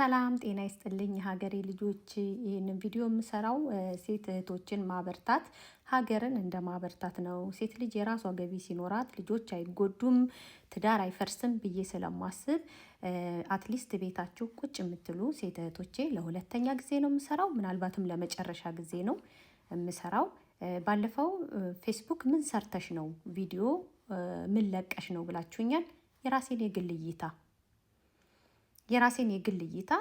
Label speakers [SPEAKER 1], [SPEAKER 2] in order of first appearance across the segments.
[SPEAKER 1] ሰላም ጤና ይስጥልኝ የሀገሬ ልጆች። ይህንን ቪዲዮ የምሰራው ሴት እህቶችን ማበርታት ሀገርን እንደ ማበርታት ነው። ሴት ልጅ የራሷ ገቢ ሲኖራት ልጆች አይጎዱም፣ ትዳር አይፈርስም ብዬ ስለማስብ አትሊስት ቤታችሁ ቁጭ የምትሉ ሴት እህቶቼ ለሁለተኛ ጊዜ ነው የምሰራው፣ ምናልባትም ለመጨረሻ ጊዜ ነው የምሰራው። ባለፈው ፌስቡክ ምን ሰርተሽ ነው ቪዲዮ ምን ለቀሽ ነው ብላችሁኛል። የራሴን የግል እይታ የራሴን የግል እይታ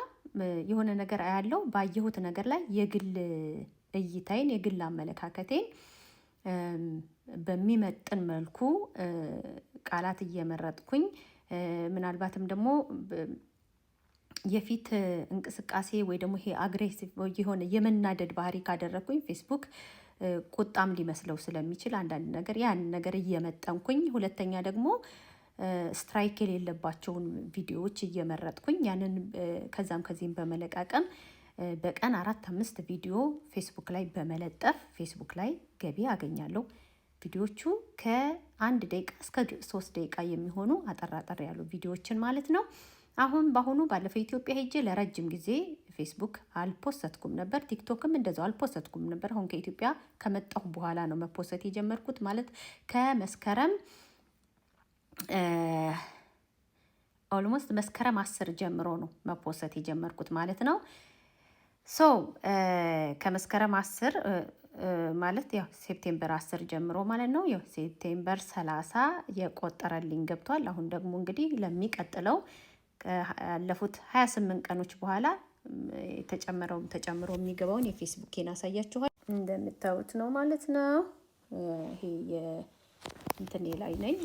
[SPEAKER 1] የሆነ ነገር አያለው ባየሁት ነገር ላይ የግል እይታዬን የግል አመለካከቴን በሚመጥን መልኩ ቃላት እየመረጥኩኝ ምናልባትም ደግሞ የፊት እንቅስቃሴ ወይ ደግሞ ይሄ አግሬሲቭ የሆነ የመናደድ ባህሪ ካደረግኩኝ ፌስቡክ ቁጣም ሊመስለው ስለሚችል አንዳንድ ነገር ያን ነገር እየመጠንኩኝ፣ ሁለተኛ ደግሞ ስትራይክ የሌለባቸውን ቪዲዮዎች እየመረጥኩኝ ያንን ከዛም ከዚህም በመለቃቀም በቀን አራት አምስት ቪዲዮ ፌስቡክ ላይ በመለጠፍ ፌስቡክ ላይ ገቢ አገኛለሁ። ቪዲዮቹ ከአንድ ደቂቃ እስከ ሶስት ደቂቃ የሚሆኑ አጠራጠር ያሉ ቪዲዮዎችን ማለት ነው። አሁን በአሁኑ ባለፈው ኢትዮጵያ ሄጄ ለረጅም ጊዜ ፌስቡክ አልፖሰትኩም ነበር። ቲክቶክም እንደዛው አልፖሰትኩም ነበር። አሁን ከኢትዮጵያ ከመጣሁ በኋላ ነው መፖሰት የጀመርኩት ማለት ከመስከረም ኦልሞስት መስከረም አስር ጀምሮ ነው መፖሰት የጀመርኩት ማለት ነው። ሶ ከመስከረም አስር ማለት ያው ሴፕቴምበር አስር ጀምሮ ማለት ነው። ያው ሴፕቴምበር ሰላሳ የቆጠረልኝ ገብቷል። አሁን ደግሞ እንግዲህ ለሚቀጥለው ያለፉት ሀያ ስምንት ቀኖች በኋላ የተጨመረው ተጨምሮ የሚገባውን የፌስቡኬን አሳያችኋል። እንደምታዩት ነው ማለት ነው። ይሄ እንትን ላይ ነኝ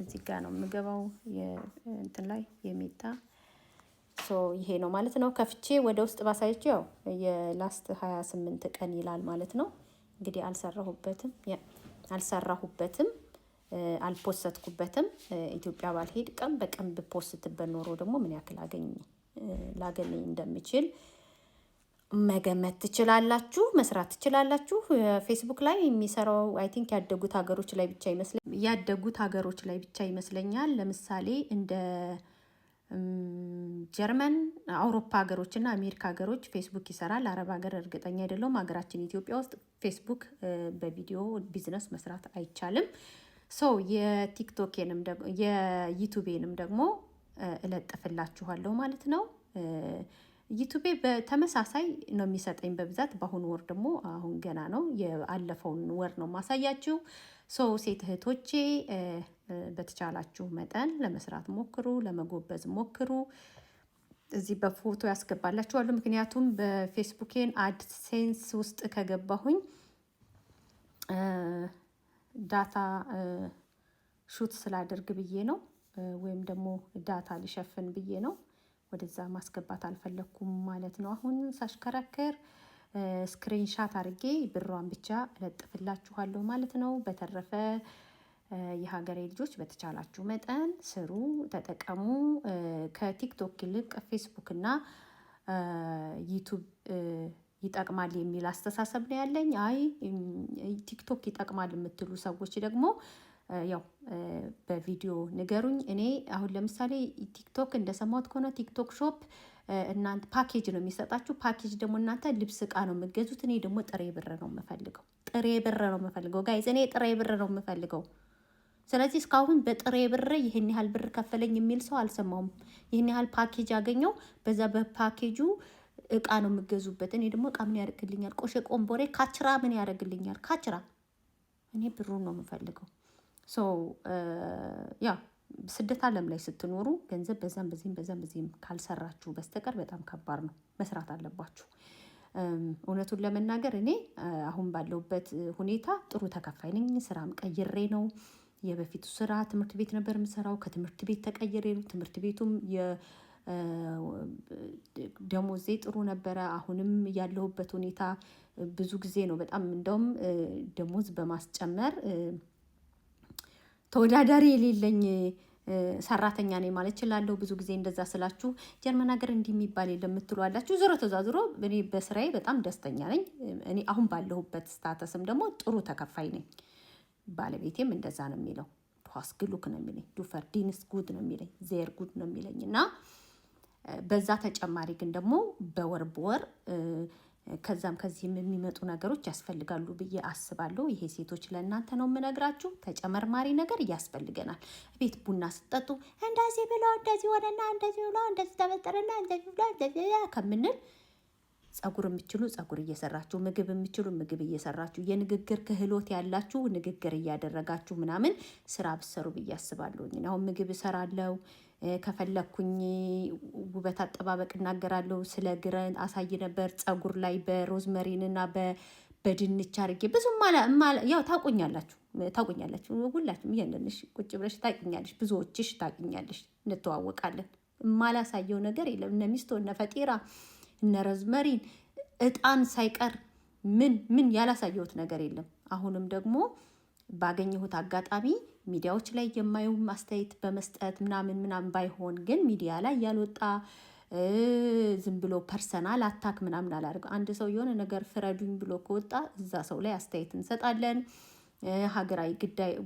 [SPEAKER 1] እዚህ ጋር ነው የምገባው እንትን ላይ የሚታ ሶ ይሄ ነው ማለት ነው። ከፍቼ ወደ ውስጥ ባሳይቼ ያው የላስት 28 ቀን ይላል ማለት ነው። እንግዲህ አልሰራሁበትም አልሰራሁበትም አልፖሰትኩበትም። ኢትዮጵያ ባልሄድ ቀን በቀን ብፖስትበት ኖሮ ደግሞ ምን ያክል አገኝ ላገኘኝ እንደምችል መገመት ትችላላችሁ፣ መስራት ትችላላችሁ። ፌስቡክ ላይ የሚሰራው አይ ቲንክ ያደጉት ሀገሮች ላይ ብቻ ይመስለኛል ያደጉት ሀገሮች ላይ ብቻ ይመስለኛል። ለምሳሌ እንደ ጀርመን፣ አውሮፓ ሀገሮች እና አሜሪካ ሀገሮች ፌስቡክ ይሰራል። አረብ ሀገር እርግጠኛ አይደለውም ሀገራችን ኢትዮጵያ ውስጥ ፌስቡክ በቪዲዮ ቢዝነስ መስራት አይቻልም። ሰው የቲክቶኬንም የዩቱቤንም ደግሞ እለጥፍላችኋለሁ ማለት ነው። ዩቱቤ በተመሳሳይ ነው የሚሰጠኝ በብዛት። በአሁኑ ወር ደግሞ አሁን ገና ነው የአለፈውን ወር ነው ማሳያችሁ። ሰው ሴት እህቶቼ በተቻላችሁ መጠን ለመስራት ሞክሩ፣ ለመጎበዝ ሞክሩ። እዚህ በፎቶ ያስገባላችኋሉ። ምክንያቱም በፌስቡኬን አድሴንስ ውስጥ ከገባሁኝ ዳታ ሹት ስላደርግ ብዬ ነው ወይም ደግሞ ዳታ ሊሸፍን ብዬ ነው ወደዛ ማስገባት አልፈለግኩም ማለት ነው። አሁን ሳሽከረክር ስክሪንሻት አድርጌ ብሯን ብቻ እለጥፍላችኋለሁ ማለት ነው። በተረፈ የሀገሬ ልጆች በተቻላችሁ መጠን ስሩ፣ ተጠቀሙ። ከቲክቶክ ይልቅ ፌስቡክ እና ዩቱብ ይጠቅማል የሚል አስተሳሰብ ነው ያለኝ። አይ ቲክቶክ ይጠቅማል የምትሉ ሰዎች ደግሞ ያው በቪዲዮ ንገሩኝ። እኔ አሁን ለምሳሌ ቲክቶክ እንደሰማሁት ከሆነ ቲክቶክ ሾፕ እናንተ ፓኬጅ ነው የሚሰጣችሁ። ፓኬጅ ደግሞ እናንተ ልብስ እቃ ነው የምገዙት። እኔ ደግሞ ጥሬ ብር ነው የምፈልገው። ጥሬ ብር ነው የምፈልገው ጋይዝ፣ እኔ ጥሬ ብር ነው የምፈልገው። ስለዚህ እስካሁን በጥሬ ብር ይህን ያህል ብር ከፈለኝ የሚል ሰው አልሰማውም። ይህን ያህል ፓኬጅ ያገኘው በዛ በፓኬጁ እቃ ነው የምገዙበት። እኔ ደግሞ እቃ ምን ያደርግልኛል? ቆሼ ቆምቦሬ ካችራ ምን ያደርግልኛል? ካችራ እኔ ብሩን ነው የምፈልገው። Uh, ያ ስደት ዓለም ላይ ስትኖሩ ገንዘብ በዛም በዚህም በዛም በዚህም ካልሰራችሁ በስተቀር በጣም ከባድ ነው። መስራት አለባችሁ። እውነቱን ለመናገር እኔ አሁን ባለሁበት ሁኔታ ጥሩ ተከፋይ ነኝ። ስራም ቀይሬ ነው። የበፊቱ ስራ ትምህርት ቤት ነበር የምሰራው። ከትምህርት ቤት ተቀይሬ ነው። ትምህርት ቤቱም ደሞዜ ጥሩ ነበረ። አሁንም ያለሁበት ሁኔታ ብዙ ጊዜ ነው በጣም እንደውም ደሞዝ በማስጨመር ተወዳዳሪ የሌለኝ ሰራተኛ ነኝ ማለት እችላለሁ። ብዙ ጊዜ እንደዛ ስላችሁ ጀርመን ሀገር እንዲህ የሚባል የለም የምትሉ አላችሁ። ዞሮ ተዛዝሮ እኔ በስራዬ በጣም ደስተኛ ነኝ። እኔ አሁን ባለሁበት ስታተስም ደግሞ ጥሩ ተከፋይ ነኝ። ባለቤቴም እንደዛ ነው የሚለው። ዱሃስ ነው የሚለኝ፣ ዲንስ ጉድ ነው የሚለኝ፣ ዜር ጉድ ነው የሚለኝ እና በዛ ተጨማሪ ግን ደግሞ በወር በወር ከዛም ከዚህም የሚመጡ ነገሮች ያስፈልጋሉ ብዬ አስባለሁ። ይሄ ሴቶች ለእናንተ ነው የምነግራችሁ። ተጨመርማሪ ነገር ያስፈልገናል። ቤት ቡና ስጠጡ እንደዚህ ብሎ እንደዚህ ሆነና እንደዚህ ብሎ እንደዚህ ተፈጠረና እንደዚህ ብሎ እንደዚህ ከምንል ጸጉር የምችሉ ጸጉር እየሰራችሁ ምግብ የምችሉ ምግብ እየሰራችሁ የንግግር ክህሎት ያላችሁ ንግግር እያደረጋችሁ ምናምን ስራ ብሰሩ ብዬ አስባለሁ። አሁን ምግብ እሰራለሁ ከፈለኩኝ ውበት አጠባበቅ እናገራለሁ። ስለ ግረን አሳይ ነበር። ፀጉር ላይ በሮዝመሪንና በድንች አድርጌ ብዙ ያው ታቆኛላችሁ ታቆኛላችሁ ሁላችሁም እያንደንሽ ቁጭ ብለሽ ታቅኛለሽ፣ ብዙዎችሽ ታቅኛለሽ፣ እንተዋወቃለን። የማላሳየው ነገር የለም። እነ ሚስቶ እነ ፈጤራ እነ ረዝመሪን እጣን ሳይቀር ምን ምን ያላሳየሁት ነገር የለም። አሁንም ደግሞ ባገኘሁት አጋጣሚ ሚዲያዎች ላይ የማየው አስተያየት በመስጠት ምናምን ምናምን ባይሆን ግን ሚዲያ ላይ ያልወጣ ዝም ብሎ ፐርሰናል አታክ ምናምን አላደርግም። አንድ ሰው የሆነ ነገር ፍረዱኝ ብሎ ከወጣ እዛ ሰው ላይ አስተያየት እንሰጣለን። ሀገራዊ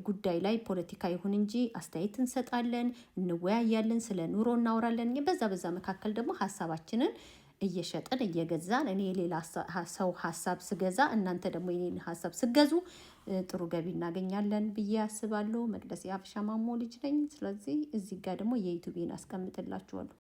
[SPEAKER 1] ጉዳይ ላይ ፖለቲካ ይሁን እንጂ አስተያየት እንሰጣለን፣ እንወያያለን፣ ስለ ኑሮ እናወራለን። በዛ በዛ መካከል ደግሞ ሀሳባችንን እየሸጥን እየገዛን እኔ የሌላ ሰው ሀሳብ ስገዛ እናንተ ደግሞ የኔን ሀሳብ ስገዙ ጥሩ ገቢ እናገኛለን ብዬ አስባለሁ። መቅደስ የሀበሻ ማሞ ልጅ ነኝ። ስለዚህ እዚህ ጋር ደግሞ የዩቱቤን አስቀምጥላችኋለሁ።